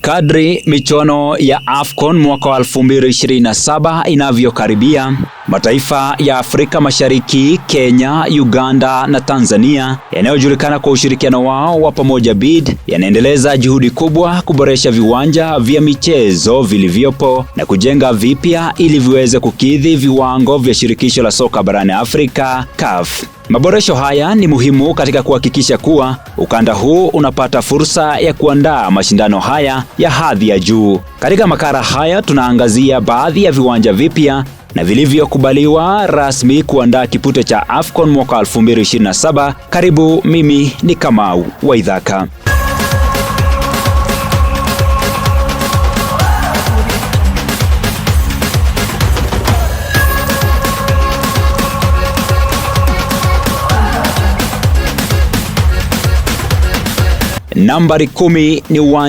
Kadri michuano ya AFCON mwaka wa 2027 inavyokaribia, mataifa ya Afrika Mashariki, Kenya, Uganda na Tanzania yanayojulikana kwa ushirikiano wao wa pamoja BID yanaendeleza juhudi kubwa kuboresha viwanja vya michezo vilivyopo na kujenga vipya ili viweze kukidhi viwango vya shirikisho la soka barani Afrika CAF. Maboresho haya ni muhimu katika kuhakikisha kuwa ukanda huu unapata fursa ya kuandaa mashindano haya ya hadhi ya juu. Katika makala haya tunaangazia baadhi ya viwanja vipya na vilivyokubaliwa rasmi kuandaa kipute cha AFCON mwaka 2027. Karibu, mimi ni Kamau Waidhaka. Nambari kumi ni wa